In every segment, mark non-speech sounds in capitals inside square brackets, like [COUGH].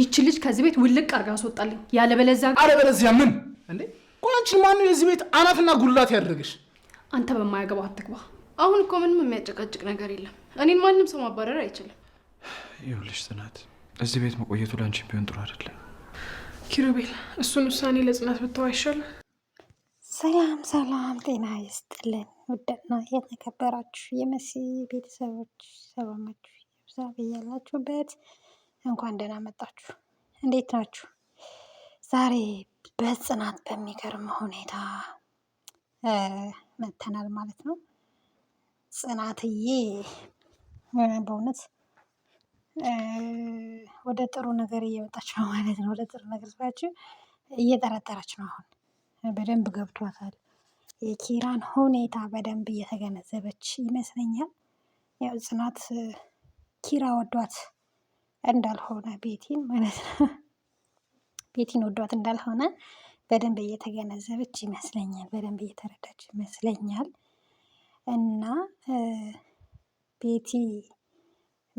ይቺ ልጅ ከዚህ ቤት ውልቅ አድርጋ አስወጣልኝ። ያለበለዚያ አለበለዚያ ምን እንዴ? ቆይ አንቺን ማነው የዚህ ቤት አናትና ጉላት ያደረገሽ? አንተ በማያገባ አትግባ። አሁን እኮ ምንም የሚያጨቃጭቅ ነገር የለም። እኔን ማንም ሰው ማባረር አይችልም። ይኸውልሽ ጽናት፣ እዚህ ቤት መቆየቱ ለአንቺ ቢሆን ጥሩ አይደለም። ኪሩቤል፣ እሱን ውሳኔ ለጽናት ብተው አይሻልም? ሰላም ሰላም፣ ጤና ይስጥልን ውድና የተከበራችሁ የመሲ ቤተሰቦች ሰላማችሁ ይብዛ በያላችሁበት እንኳን ደህና መጣችሁ። እንዴት ናችሁ? ዛሬ በጽናት በሚገርም ሁኔታ መተናል ማለት ነው። ጽናትዬ በእውነት ወደ ጥሩ ነገር እየመጣች ነው ማለት ነው። ወደ ጥሩ ነገር ስላችሁ እየጠረጠረች ነው። አሁን በደንብ ገብቷታል። የኪራን ሁኔታ በደንብ እየተገነዘበች ይመስለኛል። ያው ጽናት ኪራ ወዷት እንዳልሆነ ቤቲን ማለት ነው ቤቲን ወዷት እንዳልሆነ በደንብ እየተገነዘበች ይመስለኛል፣ በደንብ እየተረዳች ይመስለኛል። እና ቤቲ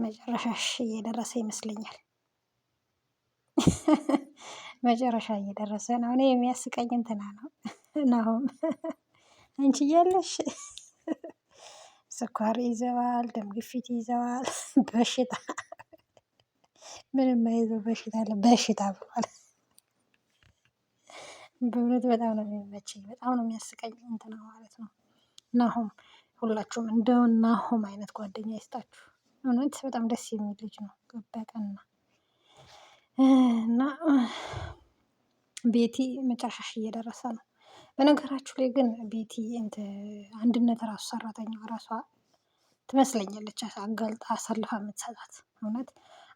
መጨረሻሽ እየደረሰ ይመስለኛል። መጨረሻ እየደረሰ ነው። እኔ የሚያስቀኝ እንትና ነው ናሁም አንቺ እያለሽ ስኳር ይዘዋል፣ ደም ግፊት ይዘዋል፣ በሽታ ምንም አይዞህ በሽታ አለ በሽታ ብሏል። በእውነት በጣም ነው የሚመቸኝ፣ በጣም ነው የሚያስቀኝ እንትና ማለት ነው። ናሆም ሁላችሁም እንደው ናሆም አይነት ጓደኛ ይስጣችሁ። እውነት በጣም ደስ የሚል ልጅ ነው። ገበቀና እና ቤቲ መጨረሻሽ እየደረሰ ነው። በነገራችሁ ላይ ግን ቤቲ አንድነት ራሱ ሰራተኛ ራሷ ትመስለኛለች አጋልጣ አሳልፋ የምትሰጣት እውነት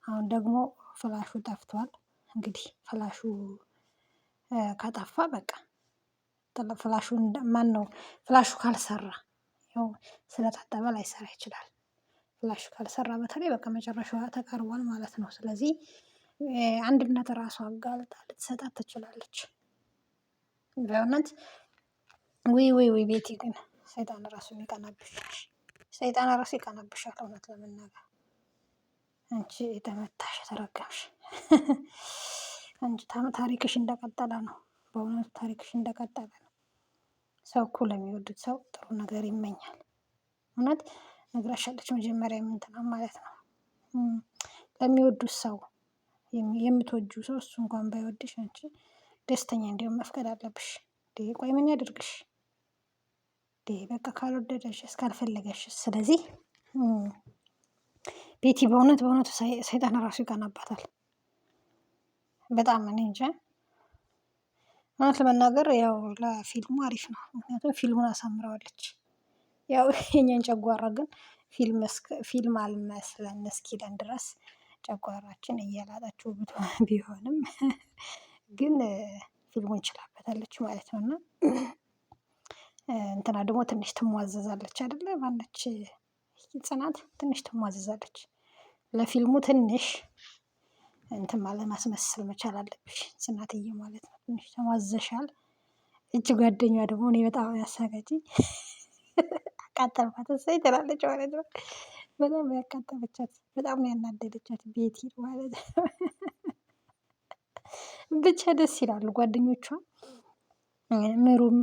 አሁን ደግሞ ፍላሹ ጠፍቷል። እንግዲህ ፍላሹ ከጠፋ በቃ ፍላሹን ነው? ፍላሹ ካልሰራ ያው ስለታጠበ ላይሰራ ይችላል። ፍላሹ ካልሰራ በተለይ በቃ መጨረሻዋ ተቀርቧል ማለት ነው። ስለዚህ አንድነት ራሱ አጋልጣ ልትሰጣት ትችላለች። በእውነት ውይ ውይ ውይ ቤቲ ግን ሰይጣን ራሱ ይቀናብሻል። ሰይጣን ራሱ ይቀናብሻል እውነት ለመናገር አንቺ የተመታሽ የተረገምሽ፣ አንቺ ታሪክሽ እንደቀጠለ ነው። በእውነቱ ታሪክሽ እንደቀጠለ ነው። ሰው እኮ ለሚወዱት ሰው ጥሩ ነገር ይመኛል። እውነት ነግራሻለች። መጀመሪያ የምንትናም ማለት ነው ለሚወዱት ሰው የምትወጁ ሰው እሱ እንኳን ባይወድሽ አንቺ ደስተኛ እንዲሆን መፍቀድ አለብሽ። ቆይ ምን ያደርግሽ? በቃ ካልወደደሽ እስካልፈለገሽ ስለዚህ ቤቲ በእውነት በእውነቱ ሰይጣን ራሱ ይቀናባታል። በጣም እኔ እንጃ። እውነት ለመናገር ያው ለፊልሙ አሪፍ ነው፣ ምክንያቱም ፊልሙን አሳምረዋለች። ያው የኛን ጨጓራ ግን ፊልም አልመስለን እስኪለን ድረስ ጨጓራችን እያላጣችሁ ቢሆንም [LAUGHS] ግን ፊልሙን እንችላበታለች ማለት ነው። እና እንትና ደግሞ ትንሽ ትሟዘዛለች አይደለ? ባለች ጽናት ትንሽ ትሟዘዛለች። ለፊልሙ ትንሽ እንትን ማለት ማስመሰል መቻል አለብሽ። ጽናትዬ ማለት ነው ትንሽ ተሟዘሻል። እጅ ጓደኛ ደግሞ እኔ በጣም ያሳገጂ አቃጠልኳት። እሰይ ትላለች ማለት ነው። በጣም ያቃጠለቻት፣ በጣም ነው ያናደደቻት ቤቲ ማለት ነው። ብቻ ደስ ይላሉ ጓደኞቿ ምሩም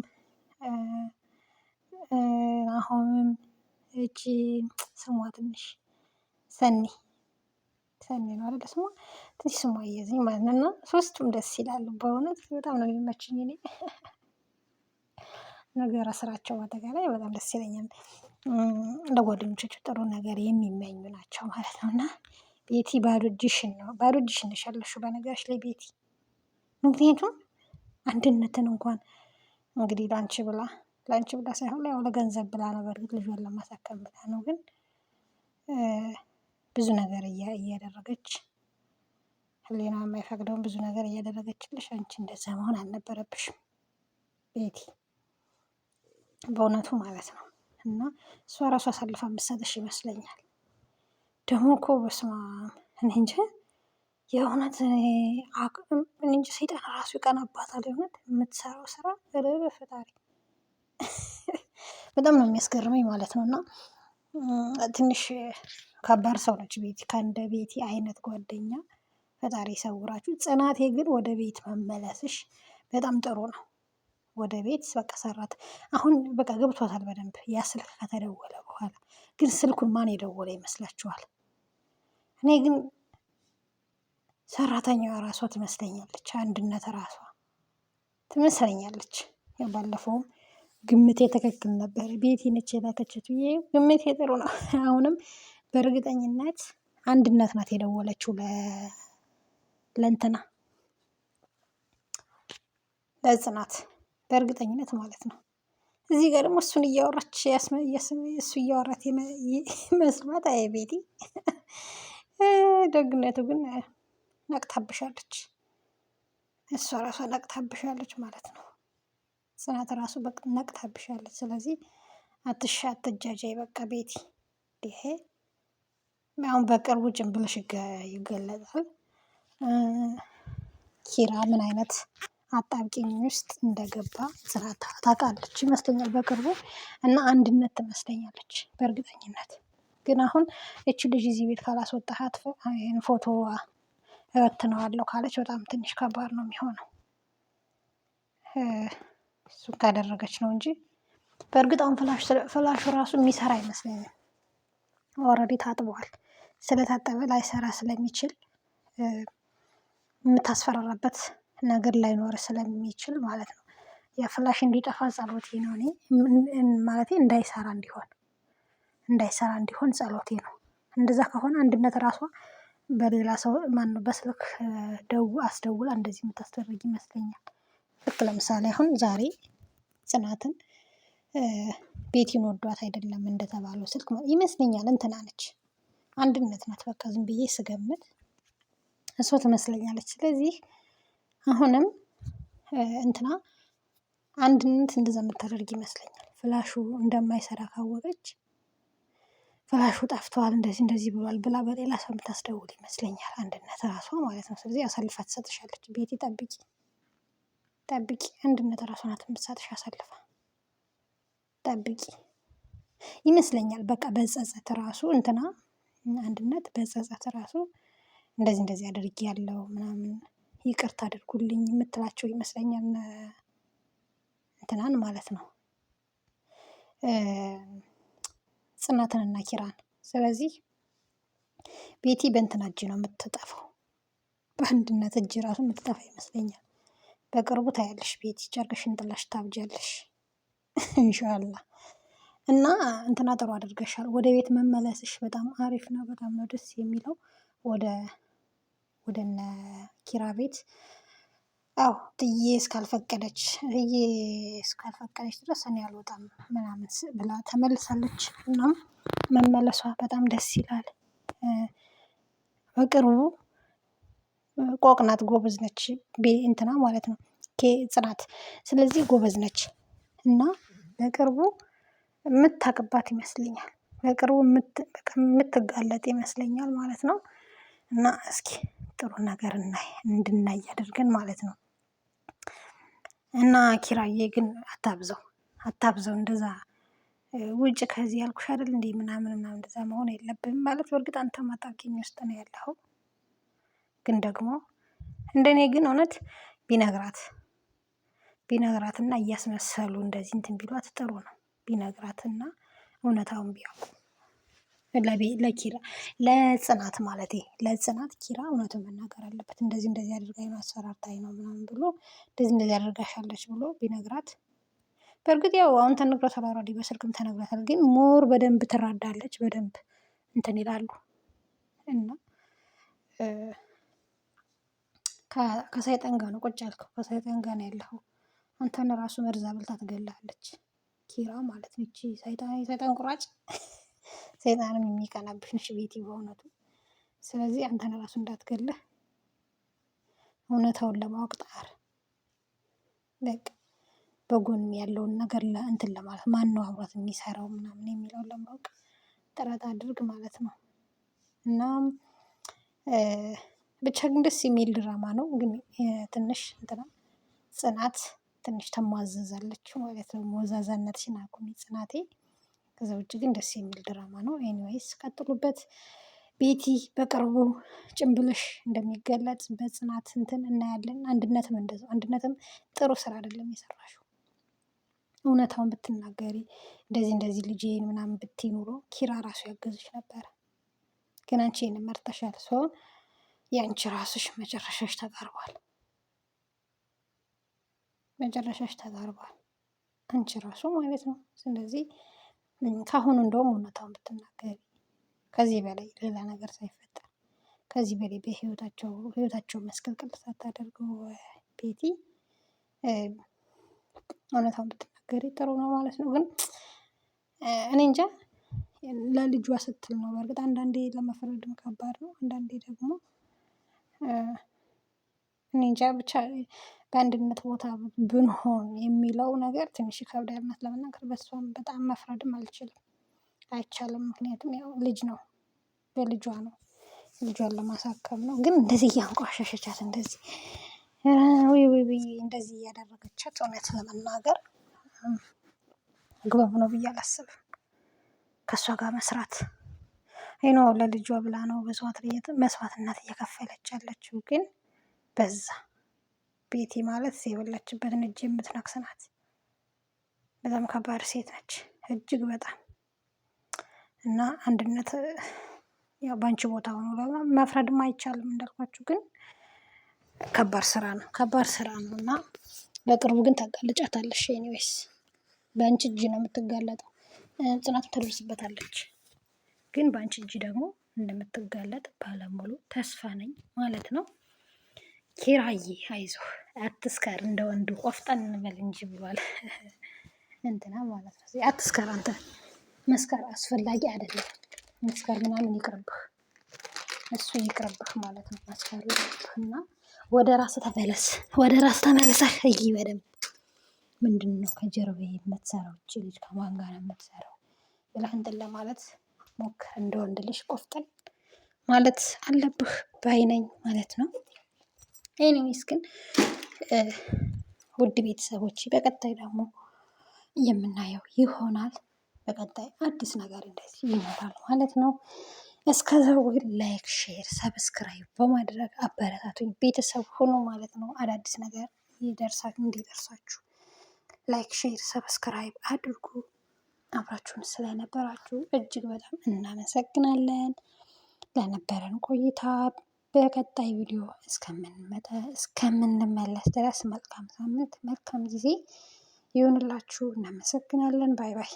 አሁንም እቺ ስሟ ትንሽ ሰኒ ሰኔ ነው አይደለ ስሟ ትንሽ ስሟ እየዝኝ ማለት ነው። እና ሶስቱም ደስ ይላሉ በእውነት በጣም ነው የሚመችኝ። እኔ ነገር ስራቸው በአጠቃላይ በጣም ደስ ይለኛል። ለጓደኞቻቸው ጥሩ ነገር የሚመኙ ናቸው ማለት ነው። እና ቤቲ ባዶ እጅሽን ነው ባዶ እጅሽን ነሽ ያለሽው በነገራች ላይ ቤቲ። ምክንያቱም አንድነትን እንኳን እንግዲህ ለአንቺ ብላ ለአንቺ ብላ ሳይሆን ያው ለገንዘብ ብላ ነው። በእርግጥ ልጇን ለማሳከም ብላ ነው ግን ብዙ ነገር እያደረገች ህሊና የማይፈቅደውን ብዙ ነገር እያደረገችልሽ፣ አንቺ እንደዛ መሆን አልነበረብሽም ቤቲ፣ በእውነቱ ማለት ነው። እና እሷ ራሱ አሳልፋ የምትሰጥሽ ይመስለኛል። ደግሞ እኮ በስማ እኔ እንጂ የእውነት እኔ እንጂ ሰይጣን ራሱ ይቀናባታል። የእውነት የምትሰራው ስራ ፈጣሪ በጣም ነው የሚያስገርመኝ ማለት ነው እና ትንሽ ከባድ ሰው ነች ቤቲ ከእንደ ቤቲ አይነት ጓደኛ ፈጣሪ ይሰውራችሁ። ጽናቴ ግን ወደ ቤት መመለስሽ በጣም ጥሩ ነው። ወደ ቤት በቃ ሰራት አሁን በቃ ገብቷታል በደንብ ያ ስልክ ከተደወለ በኋላ ግን ስልኩን ማን የደወለ ይመስላችኋል? እኔ ግን ሰራተኛዋ ራሷ ትመስለኛለች። አንድነት ራሷ ትመስለኛለች። ባለፈውም ግምቴ ትክክል ነበር። ቤቲ ነች የላከችት ብዬ ግምቴ ጥሩ ነው። [LAUGHS] አሁንም በእርግጠኝነት አንድነት ናት የደወለችው ለእንትና ለጽናት በእርግጠኝነት ማለት ነው። እዚህ ጋር ደግሞ እሱን እያወራች እሱ እያወራት መስማት አየ ቤቲ ደግነቱ ግን ነቅታብሻለች። እሷ ራሷ ነቅታብሻለች ማለት ነው። ጽናት ራሱ ነቅታብሻለች። ስለዚህ አትሻ አትጃጃይ በቃ ቤቲ ይሄ አሁን በቅርቡ ጭንብልሽ ይገለጣል። ኪራ ምን አይነት አጣብቂኝ ውስጥ እንደገባ ጽናት ታውቃለች ይመስለኛል በቅርቡ እና አንድነት ትመስለኛለች በእርግጠኝነት። ግን አሁን እች ልጅ እዚህ ቤት ካላስወጣሃት ይህን ፎቶ እበትነዋለሁ ካለች በጣም ትንሽ ከባድ ነው የሚሆነው። እሱ ካደረገች ነው እንጂ በእርግጥ አሁን ፍላሹ ራሱ የሚሰራ አይመስለኛል። ኦልሬዲ ታጥበዋል። ስለታጠበ ላይሰራ ስለሚችል የምታስፈራራበት ነገር ላይኖር ስለሚችል ማለት ነው። የፍላሽ እንዲጠፋ ጸሎቴ ነው። እኔ ማለቴ እንዳይሰራ እንዲሆን እንዳይሰራ እንዲሆን ጸሎቴ ነው። እንደዛ ከሆነ አንድነት ራሷ በሌላ ሰው ማነው በስልክ ደው አስደውላ እንደዚህ የምታስደርግ ይመስለኛል። ልክ ለምሳሌ አሁን ዛሬ ጽናትን ቤቲን ወዷት አይደለም እንደተባለው ስልክ ይመስለኛል እንትና ነች አንድነት ናት። በቃ ዝም ብዬ ስገምት እሷ ትመስለኛለች። ስለዚህ አሁንም እንትና አንድነት እንደዛ የምታደርግ ይመስለኛል። ፍላሹ እንደማይሰራ ካወቀች ፍላሹ ጠፍተዋል፣ እንደዚህ እንደዚህ ብሏል ብላ በሌላ ሰው የምታስደውል ይመስለኛል። አንድነት ራሷ ማለት ነው። ስለዚህ አሳልፋ ትሰጥሻለች። ቤቲ ጠብቂ ጠብቂ። አንድነት እራሷ ናት አሳልፋ ጠብቂ ይመስለኛል። በቃ በጸጸት ራሱ እንትና አንድነት በጸጸት ራሱ እንደዚህ እንደዚህ አድርጊ ያለው ምናምን ይቅርታ አድርጉልኝ የምትላቸው ይመስለኛል። እንትናን ማለት ነው ጽናትንና ኪራን። ስለዚህ ቤቲ በእንትና እጅ ነው የምትጠፋው፣ በአንድነት እጅ ራሱ የምትጠፋ ይመስለኛል። በቅርቡ ታያለሽ ቤት ጨርቅሽን ጥለሽ ታብጃለሽ እንሻላ [LAUGHS] እና እንትና ጥሩ አድርገሻል። ወደ ቤት መመለስሽ በጣም አሪፍ ነው። በጣም ነው ደስ የሚለው። ወደ ወደ ኪራ ቤት አው ጥዬ እስካልፈቀደች ጥዬ እስካልፈቀደች ድረስ እኔ አልወጣም ምናምን ብላ ተመልሳለች። እናም መመለሷ በጣም ደስ ይላል። በቅርቡ ቆቅ ናት፣ ጎበዝ ነች እንትና ማለት ነው ጽናት። ስለዚህ ጎበዝ ነች እና በቅርቡ የምታቅባት ይመስለኛል። በቅርቡ የምትጋለጥ ይመስለኛል ማለት ነው። እና እስኪ ጥሩ ነገር እናይ እንድናይ ያደርገን ማለት ነው። እና ኪራዬ ግን አታብዘው አታብዘው እንደዛ ውጭ ከዚህ ያልኩሽ አይደል እንዴ ምናምን ምናምን እንደዛ መሆን የለብንም ማለት በእርግጥ አንተ ማጣብቂኝ ውስጥ ነው ያለኸው ግን ደግሞ እንደኔ ግን እውነት ቢነግራት ቢነግራትና እያስመሰሉ እንደዚህ እንትን ቢሏት ጥሩ ነው። ቢነግራትና እውነታውን ቢያውቁ ለኪራ ለጽናት ማለት ለጽናት ኪራ እውነቱን መናገር አለበት። እንደዚህ እንደዚህ አድርጋ ነው አሰራርታኝ ነው ምናምን ብሎ እንደዚህ እንደዚህ አድርጋሻለች ብሎ ቢነግራት በእርግጥ ያው አሁን ተነግሯታል፣ አልሬዲ በስልክም ተነግሯታል። ግን ሞር በደንብ ትራዳለች፣ በደንብ እንትን ይላሉ እና ከሰይጣን ጋር ነው ቁጭ ያልከው፣ ከሰይጣን ጋር ነው ያለኸው። አንተን ራሱ መርዛ ብልታ ትገላለች። ኪራ ማለት ነው። ይቺ ሰይጣን ቁራጭ፣ [LAUGHS] ሰይጣንም የሚቀናብሽ ነሽ ቤቲ በእውነቱ። ስለዚህ አንተን ራሱ እንዳትገለ እውነታውን ለማወቅ ጣር። በቃ በጎን ያለውን ነገር እንትን ለማለት ማን ነው አብሯት የሚሰራው ምናምን የሚለውን ለማወቅ ጥረት አድርግ ማለት ነው እናም ብቻ ግን ደስ የሚል ድራማ ነው። ግን ትንሽ እንትና ጽናት ትንሽ ተሟዘዛለች ማለት ነው። መወዛዛነትሽን አቁሚ ጽናቴ። ከዛ ውጭ ግን ደስ የሚል ድራማ ነው። ኤኒዌይስ ቀጥሉበት። ቤቲ በቅርቡ ጭንብልሽ እንደሚገለጽ በጽናት እንትን እናያለን። አንድነትም እንደዚያው አንድነትም ጥሩ ስራ አይደለም የሰራሽው። እውነታውን ብትናገሪ እንደዚህ እንደዚህ ልጄን ምናምን ብትይ ኪራ ራሱ ያገዝሽ ነበረ። ግን አንቺ ይህን መርጠሻል ሰው የአንቺ ራስሽ መጨረሻሽ ተቀርቧል። መጨረሻሽ ተቀርቧል። አንቺ ራሱ ማለት ነው። ስለዚህ ከአሁኑ እንደውም እውነታውን ብትናገሪ ከዚህ በላይ ሌላ ነገር ሳይፈጠር ከዚህ በላይ በህይወታቸው ህይወታቸው መስቀልቅል ሳታደርገው ቤቲ እውነታውን ብትናገሪ ጥሩ ነው ማለት ነው። ግን እኔ እንጃ ለልጇ ስትል ነው። በእርግጥ አንዳንዴ ለመፍረድም ከባድ ነው። አንዳንዴ ደግሞ እኔንጃ ብቻ በአንድነት ቦታ ብንሆን የሚለው ነገር ትንሽ ይከብዳል። እውነት ለመናገር በሷም በጣም መፍረድም አልችልም አይቻልም። ምክንያቱም ያው ልጅ ነው በልጇ ነው ልጇን ለማሳከም ነው። ግን እንደዚህ እያንቋሸሸቻት እንደዚህ ውይ እንደዚህ እያደረገቻት እውነት ለመናገር አግባብ ነው ብዬ አላስብም። ከእሷ ጋር መስራት አይኖ ለልጇ ብላ ነው መስዋዕትነት እየከፈለች ያለችው። ግን በዛ ቤቲ ማለት የበላችበትን እጅ የምትነክስ ናት። በጣም ከባድ ሴት ነች፣ እጅግ በጣም እና አንድነት ያው በአንቺ ቦታ ሆኖ መፍረድም አይቻልም እንዳልኳችሁ፣ ግን ከባድ ስራ ነው ከባድ ስራ ነው እና በቅርቡ ግን ታጋልጫታለሽ። ኒዌይስ በአንቺ እጅ ነው የምትጋለጠው። ጽናትም ተደርስበታለች። ግን በአንቺ እጅ ደግሞ እንደምትጋለጥ ባለሙሉ ተስፋ ነኝ ማለት ነው። ኪራዬ አይዞህ አትስከር፣ እንደ ወንዱ ቆፍጠን እንበል እንጂ ብሏል [LAUGHS] እንትና ማለት ነው። አትስከር አንተ መስከር አስፈላጊ አይደለም። መስከር ምናምን ይቅርብህ፣ እሱ ይቅርብህ ማለት ነው። መስከር ይቅርብህና ወደ ራስ ተመለስ፣ ወደ ራስ ተመለሰህ እይ በደንብ ምንድን ነው ከጀርባ የምትሰራው ልጅ ከማን ጋር የምትሰራው ብለህ እንትን ለማለት ሞክ እንደ ወንድ ልጅ ቆፍጠን ማለት አለብህ ባይነኝ ማለት ነው። ኤኒዌይስ ግን ውድ ቤተሰቦች በቀጣይ ደግሞ የምናየው ይሆናል። በቀጣይ አዲስ ነገር እንደዚህ ይኖራል ማለት ነው። እስከዛው ላይክ፣ ሼር፣ ሰብስክራይብ በማድረግ አበረታቱኝ ቤተሰብ ሆኖ ማለት ነው። አዳዲስ ነገር ይደርሳል እንዲደርሳችሁ ላይክ፣ ሼር፣ ሰብስክራይብ አድርጉ። አብራችሁን ስለነበራችሁ እጅግ በጣም እናመሰግናለን። ለነበረን ቆይታ በቀጣይ ቪዲዮ እስከምንመለስ ድረስ መልካም ሳምንት፣ መልካም ጊዜ ይሁንላችሁ። እናመሰግናለን። ባይ ባይ።